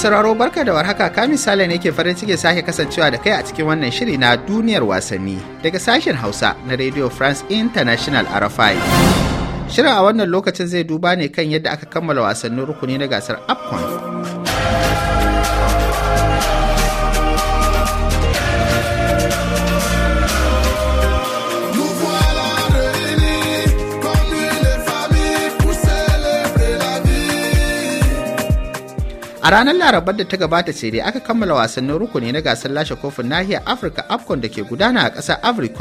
sauraro barka da warhaka ka misali ne ke farin ciki sake kasancewa da kai a cikin wannan shiri na duniyar wasanni daga sashen Hausa na Radio France International RFI. Shirin a wannan lokacin zai duba ne kan yadda aka kammala wasannin rukuni na gasar AFCON a ranar larabar da ta gabata sai dai aka kammala wasannin rukuni na gasar lashe kofin nahiyar afirka afcon da ke gudana a ƙasar ivory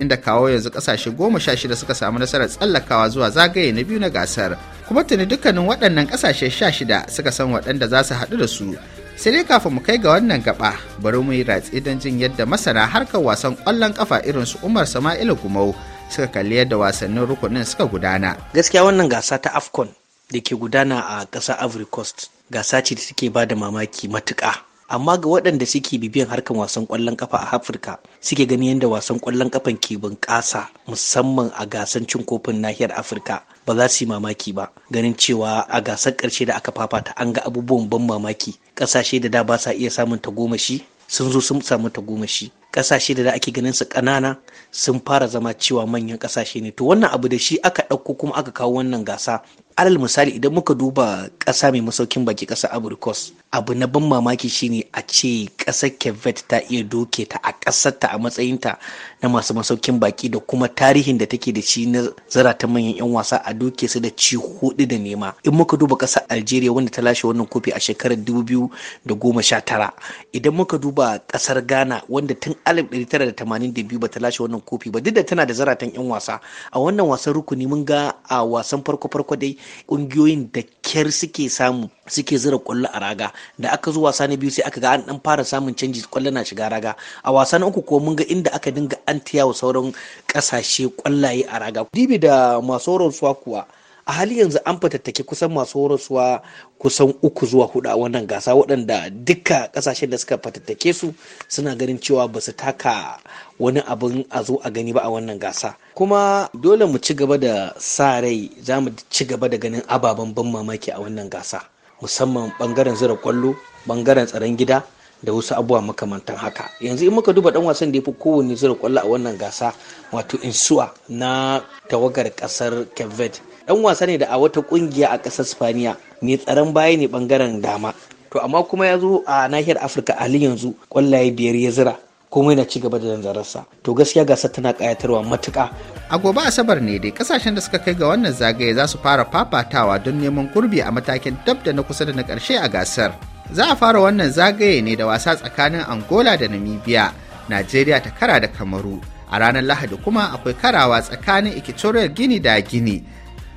inda kawo yanzu ƙasashe goma sha shida suka samu nasarar tsallakawa zuwa zagaye na biyu na gasar kuma tuni dukkanin waɗannan ƙasashe sha shida suka san waɗanda za su haɗu da su sai dai kafin mu kai ga wannan gaba bari mu yi ratse don jin yadda masana harkar wasan ƙwallon ƙafa irin su umar sama'ila gumau suka kalli yadda wasannin rukunin suka gudana gaskiya wannan gasa ta afcon da ke gudana a ƙasar ivory coast gasa ce da suke ba da mamaki matuƙa amma ga waɗanda suke bibiyan harkar wasan ƙwallon ƙafa a afirka suke gani yadda wasan ƙwallon ƙafan ke bunƙasa musamman a gasar cin kofin nahiyar afirka ba za su yi mamaki ba ganin cewa a gasar ƙarshe da aka fafata an ga abubuwan ban mamaki ƙasashe da da ba sa iya samun tagomashi sun zo sun samu tagomashi Ƙasashe da da ake ganin su ƙanana sun fara zama cewa manyan ƙasashe ne to wannan abu da shi aka ɗauko kuma aka kawo wannan gasa alal misali idan muka duba ƙasa mai masaukin baki ƙasa abrikos abu na ban mamaki shine a ce ƙasar kevet ta iya doke ta a ƙasarta a matsayinta na masu masaukin baki da kuma tarihin da take da shi na zarata manyan 'yan wasa a doke su da ci hudu da nema in muka duba ƙasar algeria wanda ta lashe wannan kofi a shekarar 2019 idan muka duba ƙasar ghana wanda tun 1982 ba ta lashe wannan kofi ba duk da tana da zaratan 'yan wasa a wannan wasan rukuni mun ga a wasan farko-farko dai ƙungiyoyin da kyar suke samu suke zira kwallo a raga da aka zo wasa na biyu sai aka ga an dan fara samun canji kwallo na shiga raga a wasa na uku ko mun ga inda aka dinga an wa sauran kasashe kwallaye a raga dibi da masu horarsuwa kuwa a hali yanzu an fatattake kusan masu horarsuwa kusan uku zuwa hudu a wannan gasa waɗanda dukka kasashen da suka fatattake su suna ganin cewa ba su taka wani abin a zo a gani ba a wannan gasa kuma dole mu ci gaba da sa rai za mu ci gaba da ganin ababen ban mamaki a wannan gasa musamman bangaren zira kwallo bangaren tsaron gida da wasu abubuwa makamantan haka yanzu in muka duba dan wasan da ya fi kowane zira kwallo a wannan gasa wato insuwa na tawagar ƙasar kevet dan wasa ne da a wata ƙungiya a ƙasar spaniya mai tsaron baya ne bangaren dama to amma kuma ya zo a nahiyar afirka halin yanzu kwallaye biyar ya zira Komai na ci gaba da zanzararsa to gaskiya gasar tana kayatarwa matuka a gobe asabar ne dai kasashen da suka kai ga wannan zagaye za su fara fafatawa don neman gurbi a matakin dab da na kusa da na karshe a gasar za a fara wannan zagaye ne da wasa tsakanin angola da namibia najeriya ta kara da kamaru a ranar lahadi kuma akwai karawa tsakanin equatorial gini da gini.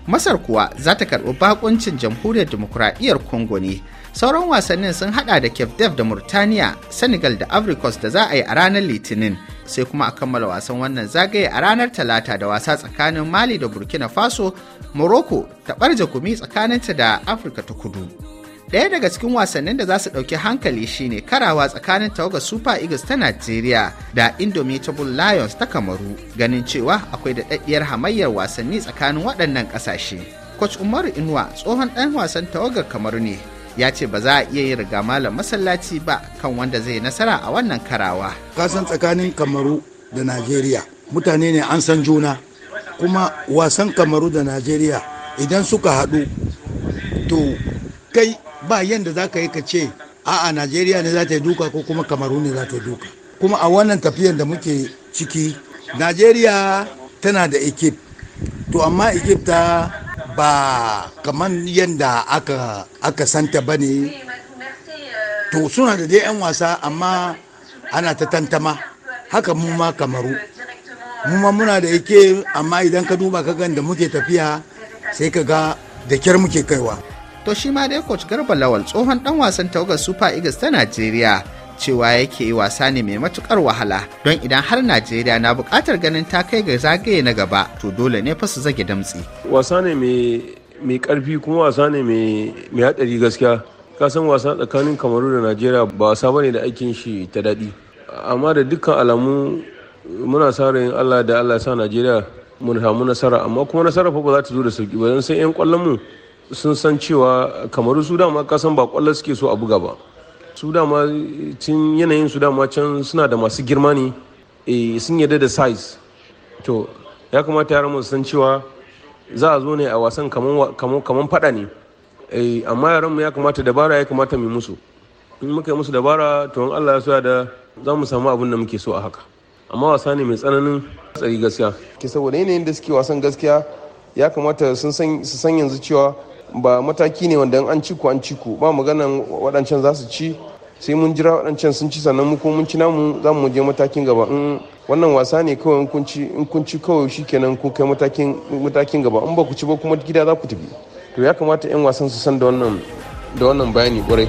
Masar kuwa za ta karɓi bakuncin jamhuriyar demokuraɗiyyar Congo ne. Sauran wasannin sun hada da Cape Verde da Murtaniya, Senegal da Africos da za a yi a ranar Litinin. Sai kuma a kammala wasan wannan zagaye a ranar Talata da wasa tsakanin Mali da Burkina Faso, Morocco ta Barja kumi tsakaninta da Afirka ta Kudu. Ɗaya daga cikin wasannin da za su ɗauki hankali shine karawa tsakanin tawagar Super Eagles ta Najeriya da Indomitable Lions ta Kamaru ganin cewa akwai da ɗaɗɗiyar hamayyar wasanni tsakanin waɗannan ƙasashe. Coach Umaru Inuwa tsohon ɗan wasan tawagar Kamaru ne ya ce ba za a iya yin riga malam masallaci ba kan wanda zai nasara a wannan karawa. Kasan tsakanin Kamaru da Najeriya mutane ne an san juna kuma wasan Kamaru da Najeriya idan suka haɗu to kai ba yanda za ka yi ka ce a'a najeriya ne za ta yi duka ko kuma kamaru ne za ta yi duka kuma a wannan tafiyan da muke ciki najeriya tana da ekip to amma ekip ta ba kamar yadda aka, aka santa ba ne to suna da dai 'yan wasa amma ana ta tantama haka mu ma kamaru mu ma muna da yake amma idan ka duba ka ganda da muke tafiya sai ka ga da kyar muke kaiwa to shi ma dai coach garba lawal tsohon dan wasan tawagar super eagles ta najeriya cewa yake yi wasa ne mai matukar wahala don idan har najeriya na bukatar ganin ta kai ga zagaye na gaba to dole ne fa su zage damtsi wasa ne mai karfi kuma wasa ne mai hadari gaskiya kasan wasa tsakanin kamaru da najeriya ba wasa bane da aikin shi ta daɗi amma da dukkan alamu muna sa yin allah da allah sa najeriya mun samu nasara amma kuma nasara fa ba za ta zo da sauki ba don sai yan kwallon mu sun san cewa kamar su dama kasan ba kwallo suke so a buga ba su dama cin yanayin su dama can suna da masu girma ne eh, sun yarda da size to ya kamata yaran mu san cewa za a zo ne a wasan kaman fada ne eh, amma yaran mu ya kamata dabara ya kamata mu musu in muka yi musu dabara to in Allah ya so da za mu samu abin da muke so a haka amma wasa ne mai tsananin tsari gaskiya ke saboda yanayin da suke wasan gaskiya ya kamata su san yanzu cewa ba mataki ne wanda an ci an ci ku ba maganan waɗancan za su ci sai mun jira waɗancan sun ci sannan mu ko mun ci namu za mu je matakin gaba in wannan wasa ne kawai in kun ci kawai shi kenan kun kai matakin gaba in ba ku ci ba kuma gida za ku tafi to ya kamata 'yan wasan su san da wannan bayani kwarai.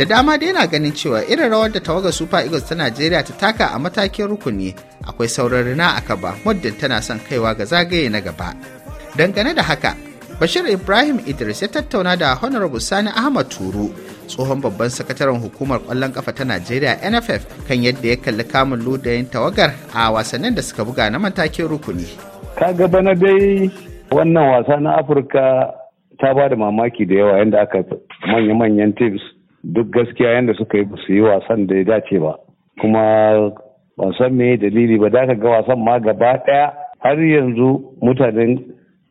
da dama dai na ganin cewa irin rawar da tawagar super eagles ta najeriya ta taka a matakin rukuni akwai sauran rina a kaba muddin tana son kaiwa ga zagaye na gaba dangane da haka bashir ibrahim idris ya tattauna da honorable sani ahmad turu tsohon babban sakataren hukumar kwallon kafa ta najeriya nff kan yadda ya kalli kamun ludayin tawagar a wasannin da suka buga na matakin rukuni ka bana na dai wannan wasa na afirka ta ba da mamaki da yawa yadda aka manya-manyan tips duk gaskiya yadda suka yi su yi wasan da ya dace ba kuma wasan me dalili ba da ga wasan ma gaba daya har yanzu mutanen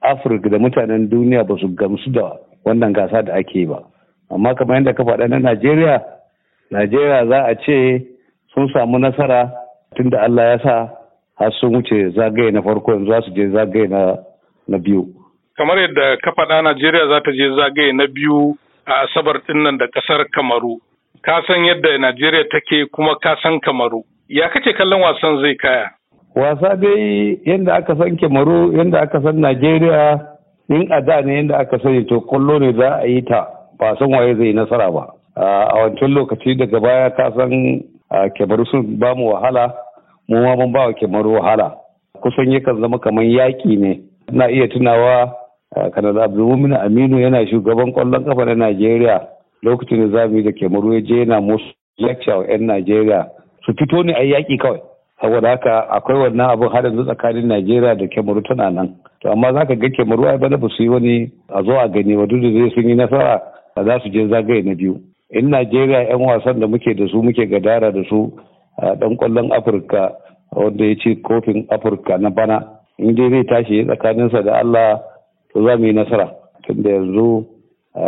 afirka da mutanen duniya ba su gamsu da wannan gasa da ake ba amma kamar yadda ka faɗa na najeriya najeriya za a ce sun samu nasara tunda allah ya sa har sun wuce zagaye na farko yanzu za su je zagaye na biyu kamar yadda ka faɗa najeriya za ta je zagaye na biyu a asabar dinnan da kasar kamaru ka san yadda najeriya take kuma ka san kamaru ya kace kallon wasan zai kaya wasa dai yadda aka san kamaru yadda aka san najeriya in a da ne yadda aka sani to kullo ne za a yi ta ba san waye zai nasara ba a wancan lokaci daga baya ka san kamaru sun ba mu wahala mu ma mun ba wa kamaru wahala kusan yakan zama kamar yaƙi ne na iya tunawa Ah, kanar abdulmumin aminu yana shugaban kwallon kafa na najeriya lokacin da za yi da kemaru ya je yana musu lecture wa 'yan najeriya su fito ne a yaƙi kawai saboda haka akwai wannan abin har yanzu tsakanin najeriya da kemaru tana nan to amma za ka ga kemaru ai bana ba yi wani a zo a gani wa duk da zai sun yi nasara ba za su je zagaye na biyu in najeriya 'yan wasan da muke da su muke gadara da su dan kwallon afirka wanda ya ce kofin afirka na bana in dai zai tashi tsakaninsa da allah to za mu yi nasara tunda yanzu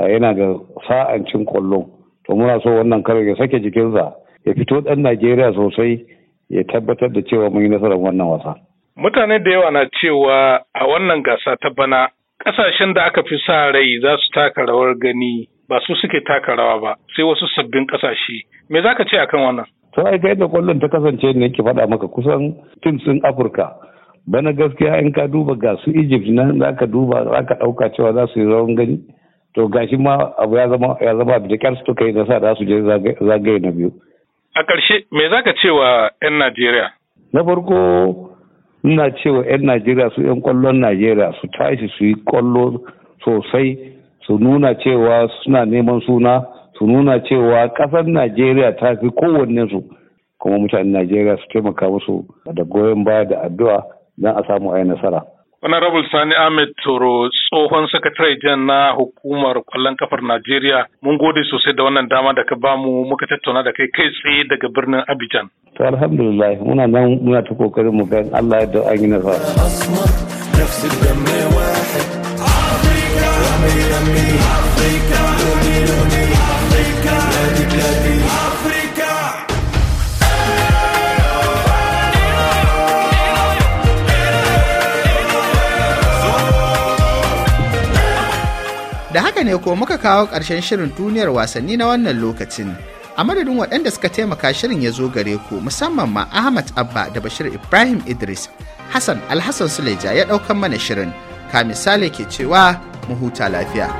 yana da sa'ancin kwallo to muna so wannan karar ya sake jikinsa ya fito ɗan najeriya sosai ya tabbatar da cewa mun yi nasarar wannan wasa mutane da yawa na cewa a wannan gasa ta bana kasashen da aka fi sa rai za su taka rawar gani ba su suke taka rawa ba sai wasu sabbin kasashe me za ka ce akan wannan to ai yadda kwallon ta kasance ne ke faɗa maka kusan tim ɗin afirka bana gaskiya in ka duba ga su egypt nan za ka duba za ka ɗauka cewa za su yi rawan gani to gashi ma abu ya zama ya zama da kyar su kai da sa da su je zagaye na biyu a ƙarshe me za ka cewa 'yan najeriya na farko ina cewa 'yan najeriya su 'yan kwallon najeriya su tashi su yi kwallo sosai su nuna cewa suna neman suna su nuna cewa ƙasar najeriya ta fi kowanne su kuma mutanen najeriya su taimaka musu da goyon baya da addu'a don a samu a yi nasara. Honorable Sani Ahmed Toro tsohon sakatare jan na hukumar kwallon kafar Najeriya mun gode sosai da wannan dama da ka bamu muka tattauna da kai kai tsaye daga birnin Abidjan. To alhamdulillah muna nan muna ta kokarin mu gan Allah ya da an yi nasara. Afrika, Afrika, ne ko muka kawo ƙarshen shirin duniyar wasanni na wannan lokacin. A madadin waɗanda suka taimaka shirin ya zo gare ku musamman ma Ahmad Abba da Bashir Ibrahim Idris, Hassan Alhassan Suleja ya ɗaukan mana shirin. Ka misali ke cewa mu huta lafiya.